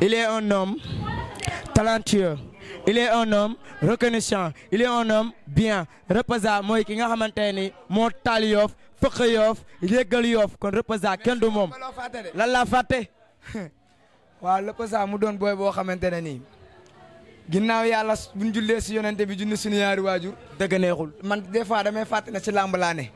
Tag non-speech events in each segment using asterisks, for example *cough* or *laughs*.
il est un homme talentueux il est un homme reconnaissant il est un homme bien reposa moi ki nga xamanteni mo taliof, il est kon du *laughs* ginnaaw yàlla buñ jullee si yonente bi junni suñu waajur dëgg man des fois fàtte ne si làmb laa ne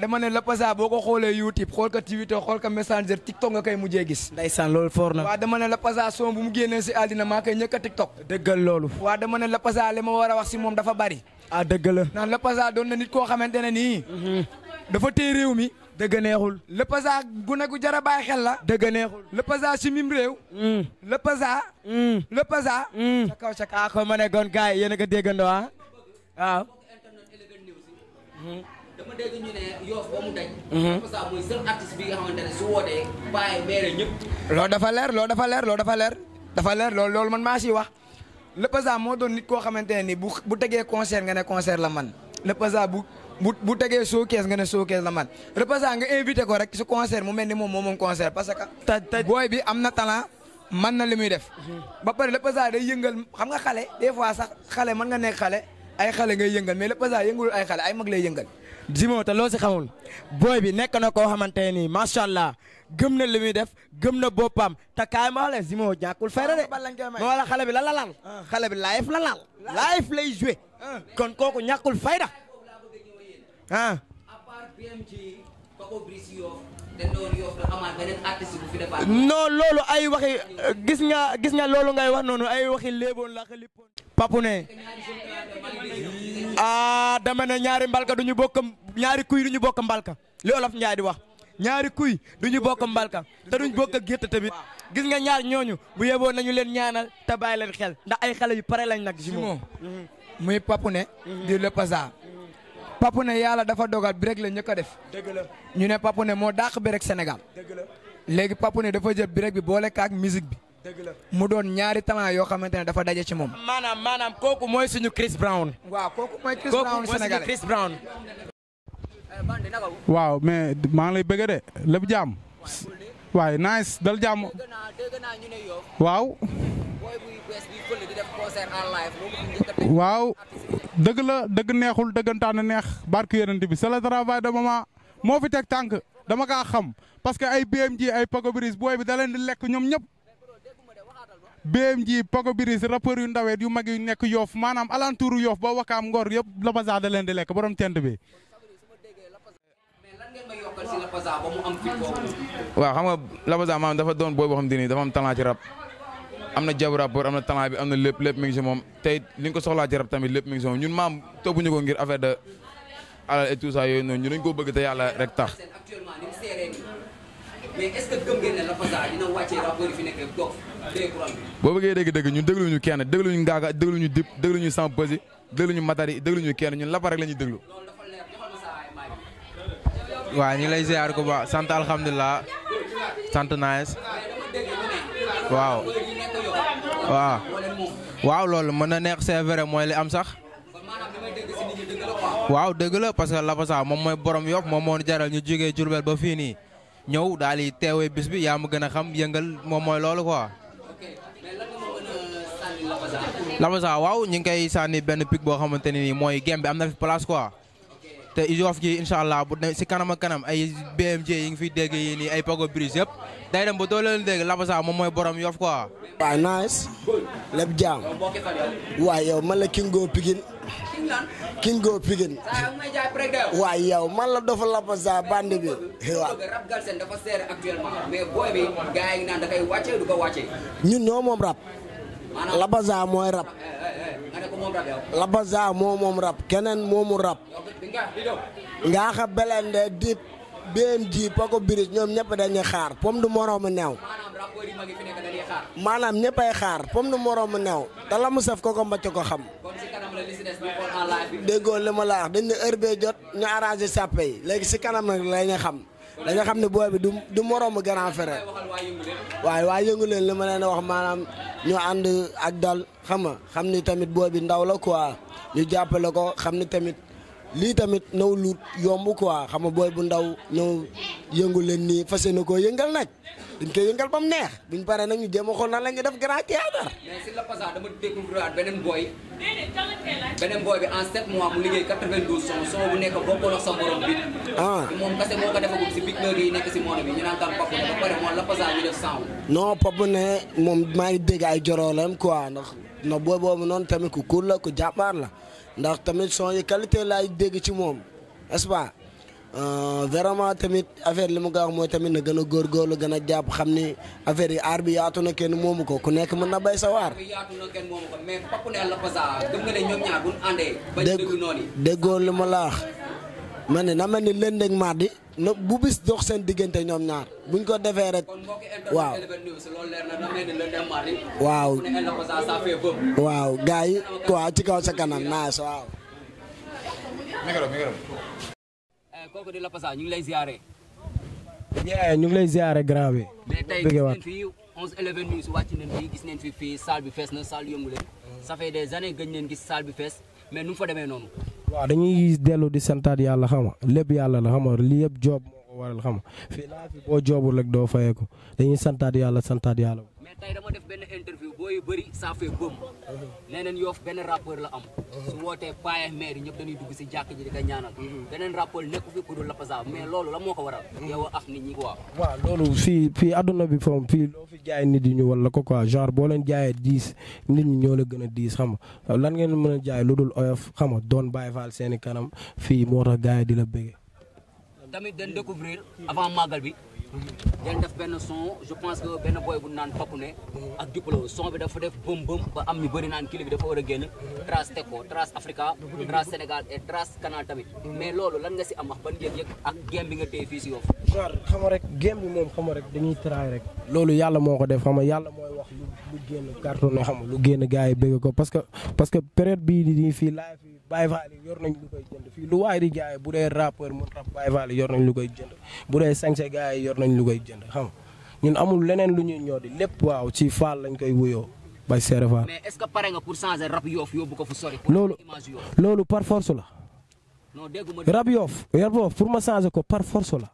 dama ne Lapaza boo ko xoolee YouTube xool ko Twitter xool ko Messenger TikTok nga koy mujjee gis ndeysaan loolu foor na waaw dama ne Lapaza son bu mu génnee si àddina maa koy ñëkk a TikTok dëggal loolu waaw dama ne Lapaza li war a wax si moom dafa bari ah dëgg la ndax Lapaza doon na nit koo xamante ne nii mhm. dafa téye dëgg neexul le PASA gune gu jar a bàyyi xel la dëgg neexul le PASA si mim réew mm. le PASA mm. le PASA mm. kaw ca kaw ko ma ne goon gars yi yéen a ko déggandoo ah. mm-hmm. dafa leer loolu dafa leer loolu dafa leer dafa leer loolu loolu man maa siy wax le PASA moo doon nit koo xamante ne ni bu bu tegee concert nga ne concert la man le PASA bu bu tegee showcase nga ne showcase la man représentant nga invité ko rek si concert mu mel ni moom moom moom concert parce que. booy bi am na talent man na li muy def. ba pare représentant day yëngal xam nga xale des fois sax xale mën nga nekk xale ay xale ngay yëngal mais représentant yëngalul ay xale ay mag lay yëngal. Zimo ta loo si xamul booy bi nekk na koo xamante ne nii macha allah gëm na li muy def gëm na boppam te kaay ma wax la Zimo ñàkkul fayda de. Ah, ma wala xale bi la la laal. Ah. xale bi live la laal. live lay ah. kon kooku ñàkkul fayda. ah. à loolu ay waxi gis nga gis nga loolu ngay wax noonu ay waxi léeboon la lippoon. Papu ne ah ne ñaari mbalka duñu ñu bokk ñaari kuy du ñu bokk mbalka li olof Njaay wax. ñaari kuy du ñu bokk mbalka te duñ bokk gétt tamit gis nga ñaar ñooñu bu yeboo nañu leen ñaanal te bàyyi leen xel ndax ay xale yu pare lañ nag. si moom muy Papu ne. di le Paza. Papounet yàlla dafa dogal break la ñëkk a def. dëgg la ñu ne Papounet moo dàq break Sénégal. dëgg la léegi Papounet dafa jël break bi boole kaak musique bi. dëgg la mu doon ñaari talent yoo xamante ne dafa daje ci moom. maanaam maanaam kooku mooy suñu Chris Brown. waaw kooku mooy Chris Brown sénégalais Chris Brown. waaw mais maa ngi lay bëgg de lépp jàmm. waaye nice dal jàmm. waaw. waaw dëgg la dëgg neexul dëggantaane neex barke yonent bi c'est le travail de moo fi teg tànk dama kaa xam parce que ay BMG ay Pago Briz booy bi da leen di lekk ñoom ñëpp. BMG Pago Briz rappeurs yu ndaweet yu mag yu nekk yoof maanaam alentour yoof ba wakaam ngor yëpp Lapaza da leen di lekk borom tent bi. waaw xam nga Lapaza maanaam dafa doon booy boo xam te ni dafa am talent ci rap. am na jabu rapport am na talent bi am na lépp lépp mi ngi moom tey li ko soxlaa ci rap tamit lépp mi ngi si moom ñun maam toppuñu ko ngir affaire de alal et tout yooyu noonu ñu dañ koo bëgg te yàlla rek tax. mais est-ce que gëm ngeen ne Lapaza dina wàccee rapport yi fi nekk doog boo bëggee dégg-dégg ñun dégluñu kenn dégluñu Ngaaka dégluñu Dip dégluñu Sampasi dégluñu Matari dégluñu kenn ñu Lapa rek la ñuy déglu. waaw ñu lay ziar ko ba sant alhamdulilah sant naas waaw. waaw waaw loolu mën na neex c'est vrai mooy li am sax waaw dëgg la parce que Labassa moom mooy borom Yoff moom moo jaral ñu jógee Diourbel ba fii nii ñëw daal di teewee bis bi yaa mu gën a xam yëngal moom mooy loolu quoi. Labassa waaw ñu ngi koy sànni benn pic boo xamante ne nii mooy gem bi am na fi place quoi. te Yoff gi incha allah bu si kanam kanam ay BMJ yi nga fiy dégg yi nii ay Pago Brise yëpp day dem ba doo leen dégg Labassa moom mooy borom Yoff quoi. waaw nice lépp jaam waaye yow man la Kingo Pikine Kingo Pikine waaye yow man la dafa Labassa bande bi waaw. mais booy bi Labaza mooy rab eh, eh, eh, Labaza moo moom rab keneen moomu rab ngaa xa belende dip BMG Paco Briz ñoom ñëpp dañuy xaar pom du moroomu neew maanaam ñëppay xaar pom du moroomu neew te la mu saf ko ko mbacc ko xam déggoo li ma la wax dañ ne heure jot ñu arrangé sàppe léegi si kanam nag la ñu xam da nga xam ne booy bi du du moroomu grand frère waaye waa yëngu leen li ma leen wax maanaam ñu ànd ak dal xam nga xam ni tamit booy bi ndaw la quoi ñu jàppale ko xam ni tamit lii tamit naw luut yomb quoi xam nga booy bu ndaw ñëw yëngu leen nii fas yéene ko yëngal nag. dañ koy yëngal ba mu neex buñ paree nag ñu jéem a xool nan la ñuy def grand théâtre. mais bi en sept mois mu liggéey ah. moom kese moo ko defagum la passage ñu maa ngi dégg ay joroolam quoi ndax na booy boobu noonu tamit ku cool la ku jàppaar la ndax tamit son yi qualité laay ci moom nest Euh, vraiment tamit affaire li mu ko wax mooy tamit na gën a góorgóorlu gën a jàpp xam ni affaire yi aar bi na kenn moomu ko ku nekk mën na bay sa waar. yaatu na li ma laax. ma na mel ni lënd ak mardi dox seen diggante ñoom ñaar buñ ko defee rek. waaw waaw. waaw gars ci kaw sa kanam naas waaw. kooku di Lapasa ñu ngi lay ziare. ñee ñu ngi lay ziare grand bi. mais tey gis nañ fi 11 11 nuyu si wàcc nañ fi gis nañ fi fii salle bi fees na saal yëngu sa mm. ça fait des années gëj nañ gis salle bi fees mais nu mu fa demee noonu. waaw dañuy dellu di santaat yàlla xam nga lépp yàlla la xam li lii yëpp job waral xam fii fi boo joobul rek doo fayeeku dañuy santaat yàlla santaat yàlla. mais tey dama def benn interview booy bëri ça fait bëm. leneen yoof benn rappeur la am. su wootee paaye maire ñëpp dañuy dugg si jàkk ji di ko ñaanal. beneen rappeur nekku fi pour Lapaza mais loolu la moo ko waral. yow ak nit ñi quoi. fii fii adduna bi foom fii loo fi jaay nit yi ñu wala ko quoi genre boo leen jaayee diis nit ñi ñoo la gën a diis xam lan ngeen mën a jaay lu dul oyof xam doon bàyyi faal seen i kanam fii moo tax gars yi tamit dañ découvrir avant Magalbi. bi dañ son je pense que Ben boy bu pas fakku ak diplo son bi dafa def boum, ba am clip bi dafa a Trace Trace Africa Trace Sénégal et Trace Canada mais lan nga si am wax ban ak game bi nga rek game bi rek dañuy rek fait, def wax lu carton xam gars parce que parce que période bi di live Baye Fall yi yor nañ lu jënd fii lu waay di jaay bu dee rappeur mun rap Baye Fall lu koy jënd bu dee sañse gars yi jënd xam ñun amul leneen lu ñuy ñoo lépp waaw ci Fall lañ koy wuyoo bay Seere Fall. mais est-ce que pare nga pour changer rap Yoff yóbbu ko fu sori. loolu loolu par force la. non dégg ma rap Yoff yar ma changer ko par la.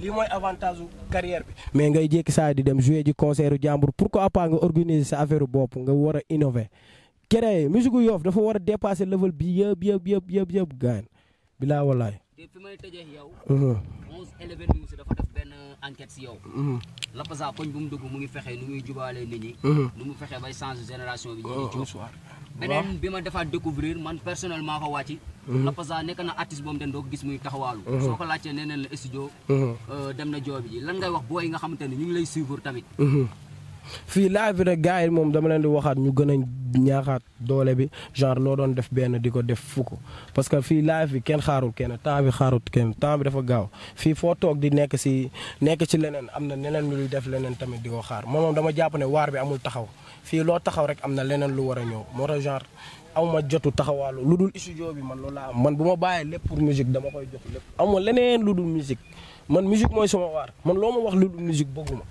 lii mooy avantage carrière bi. mais ngay jékki saa di dem jouer ji concert jàmbur pourquoi pas nga organiser sa affaire bopp nga war a innover créer musique gu Yoff dafa war a dépasser level bi yëpp yëpp yëpp yëpp yëpp gaan bilaa wallaay. fi yow. Uh-huh. enquête si yow. Mhm. Lapaza koñ bu mu dugg mu ngi fexe nu muy jubaalee nit ñi. Mhm. nu mu fexe bay change génération bi. ñu oh, oh. ngi beneen bi ma defaat découvrir man personnellement maa ko wàcc. Mhm. Lapaza nekk na artiste boobu euh, dem na joobi ji lan ngay wax booy yi nga xamante ne ñu lay suivre tamit. fii live bi rek gars moom dama leen waxaat ñu gën a ñaaxaat doole bi genre loo doon def benn di ko def fukk parce que fii live bi kenn xaarul kenn temps bi xaarul kenn temps bi dafa gaaw fii foo toog di nekk si nekk ci leneen am na leneen luy def leneen tamit di ko xaar moom dama jàpp ne waar bi amul taxaw fii loo taxaw rek am na leneen lu war a ñëw moo tax genre awma jotu taxawaalu lu dul studio bi man loolu man bu ma bàyyee lépp pour musique dama koy jox lépp awma leneen lu dul musique man musique mooy sama waar man loo ma wax lu dul musique bëgguma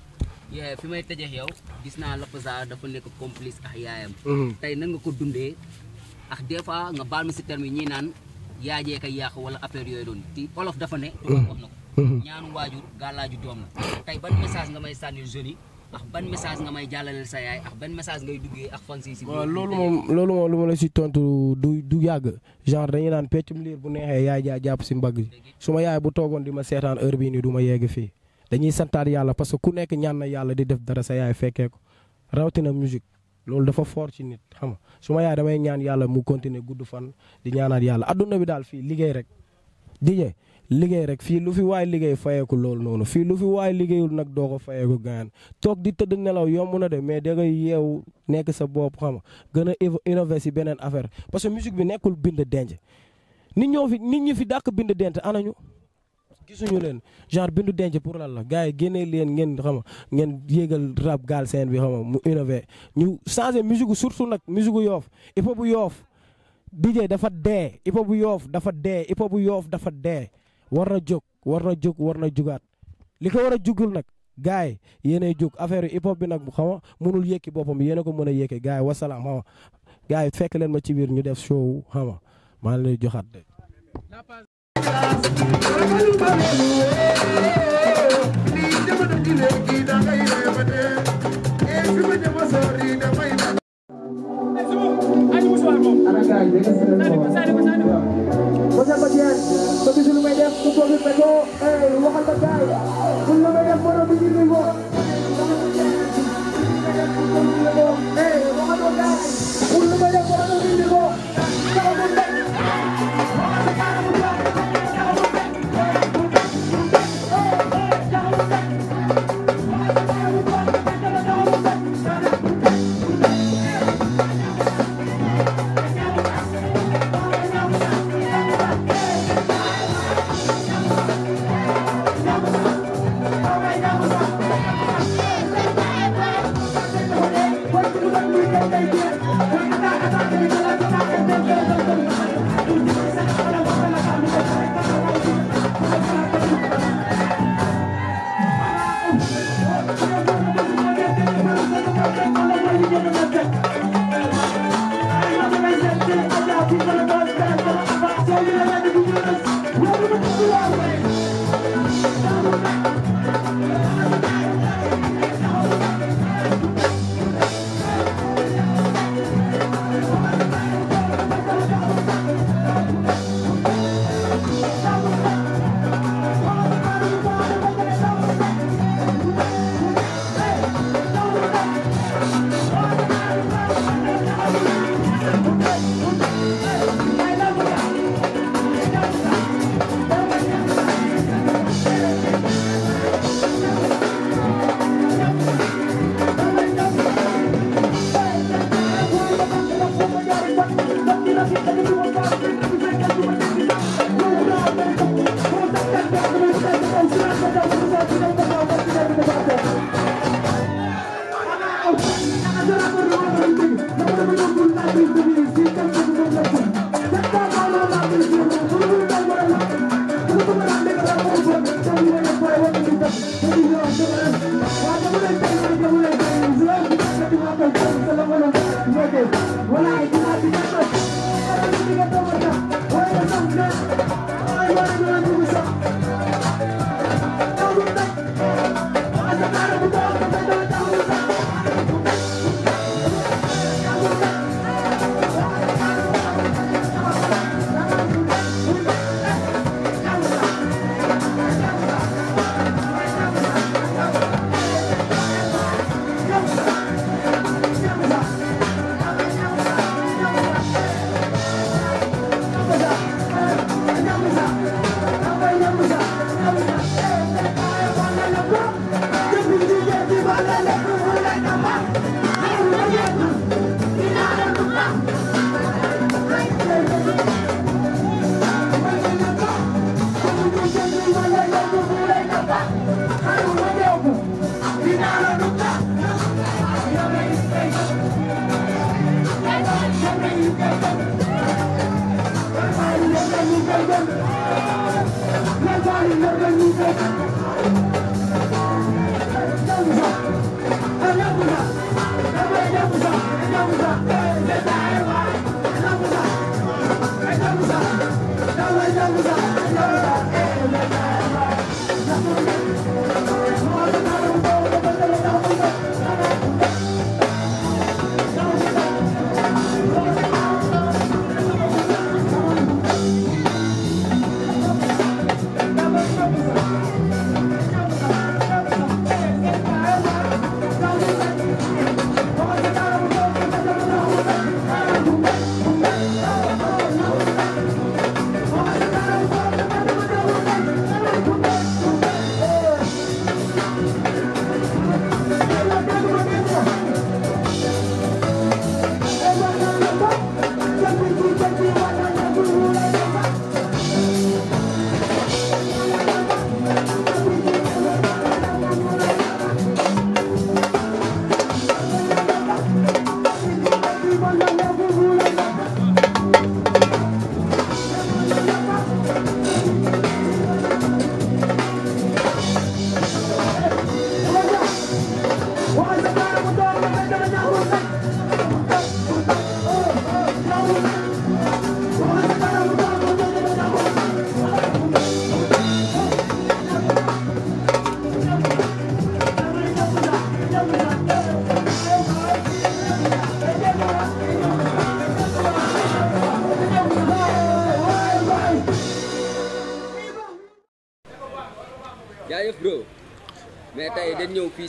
yeah, fi may tëjee yow gis naa Lapaza dafa nekk complice ak yaayam. Mhm. tey nan ko dundee ak des fois nga baal ma si terme yi ñii naan yaajee kay wala affaire yooyu doon ti olof dafa ne. wax na ko mhm. Mhm. ñaanu waajur gàllaaju doom la ban message nga may sànni jeunes yi ak ban message nga may jàllaleel sa yaay ak ban message ngay duggee ak fan si si. waaw loolu moom loolu la si tontu du du yàgg genre dañuy naan peccum liir bu neexee yaay jaa jàpp si mbagg su yaay bu toogoon di ma seetaan heure bii nii du yegg fii. dañuy santaat yàlla parce que ku nekk ñaan na yàlla di def dara sa yaay fekkee ko rawatina musique loolu dafa foor ci nit xam nga su ma yaay damay ñaan yàlla mu continuer gudd fan di ñaanaat yàlla adduna bi daal fii liggéey rek. DJ liggéey rek fii lu fi waaye liggéey fayeeku loolu noonu fii lu fi waaye liggéeyul nag doo ko fayeeku gaan toog di tëdd nelaw yomb na de mais da ngay yeew nekk sa bopp xam nga gën a innové beneen affaire parce que musique bi nekkul bind denc nit ñoo fi nit ñi fi dàq bind denc anañu gisuñu leen genre bindu denc pour lan la gars yi génnee leen ngeen xama ngeen yéegal rab gaal seen bi xama mu innové ñu changé musique surtout nag musique yoof hip bu yoof DJ dafa dee hip bu yoof dafa dee hip hop bu yoof dafa dee war na jóg war na jóg war na jugaat li ko war a jugul nag gars yi yéenay jug affaire hip bi nag bu xama mënul yëkki boppam yéena ko mën a yëkke gars yi wasalaam xama gars yi fekk leen ma ci biir ñu def show xama maa ngi lay joxaat de Hey, what about that?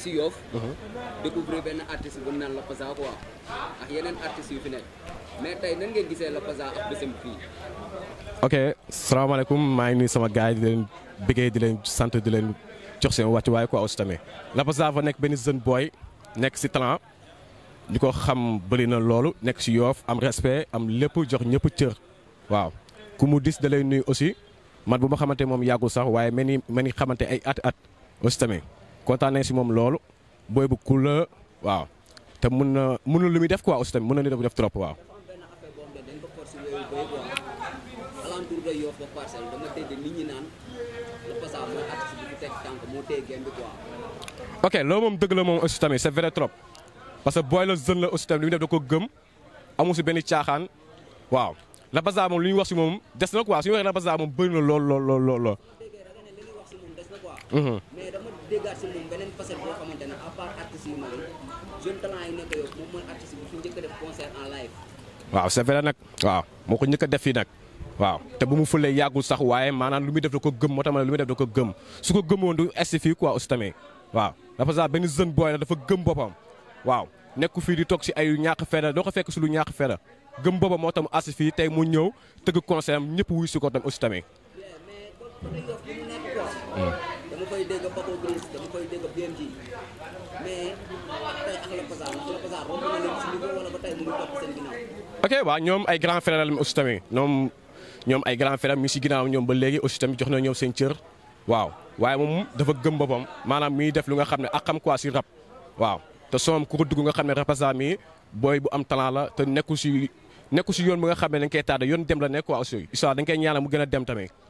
si Yoff découvrir ben artiste bu naan La Paza quoi ak yenen artiste yu fi nekk mais tay nan ngeen gisee La Paza ak bésam fii ok salaamaaleykum maa ngi nuyu sama gars di len bëggee di len sante di leen jox seen way quoi aussi tamit La Paza fa nek ben jeune boy nek ci talent ñu ko xam bëri na loolu nekk si Yoff am respect am lepp jox ñëpp cër waaw ku mu dis dalay nuy aussi man bu ma xamante moom yàggul sax waye mel ni xamanté ay at at aussi tamit kontaan si moom loolu booy bu cool la waaw te mun na mënul lu muy def quoi aussi tamit mën na lu def trop waaw. ok loolu moom dëgg la moom aussi tamit c'est vrai trop parce que booy la jeune la aussi tamit li muy def da ko gëm amu si benn caaxaan waaw Lapaza moom lu ñuy wax si moom des na quoi su ñu waxee Lapaza moom bëri na lool lool Mm-hmm. mais dama déggaat si moom beneen facette boo xamante ne à part artistes yi maanaam jeune talent yi nekk yow moom mooy artiste bi fu njëkk a def concert en live. waaw c'est vrai nag waaw moo ko njëkk a def fii nag waaw te bu mu fulee yàggul sax waaye maanaam lu muy def da ko gëm moo tax ma ne lu muy def da ko gëm su ko gëmoon du est fii quoi aussi tamit waaw dafa sax benn jeune boy la dafa gëm boppam waaw nekku fii di toog si ay ñàkk fedda doo ko fekk si lu ñàkk fedda gëm boppam moo tax mu asi fii tey mu ñëw tëgg conseil am ñëpp wuy si ko tam aussi tamit koy dégg ok waaw ñoom ay grand frère la aussi tamit ñoom ñoom ay grand frère mi si ginnaaw ñoom ba léegi aussi tamit jox na ñoom seen cër waaw waaye moom dafa gëm boppam maanaam mi def lu nga xam ne ak xam quoi si rap waaw te soom ku ko dugg nga xam ne Rapaza mi booy bu am talent la te nekku si nekku si yoon bu nga xam ne dañ koy yoon dem la nekk quoi aussi histoire dañ koy ñaanal mu gën a dem tamit.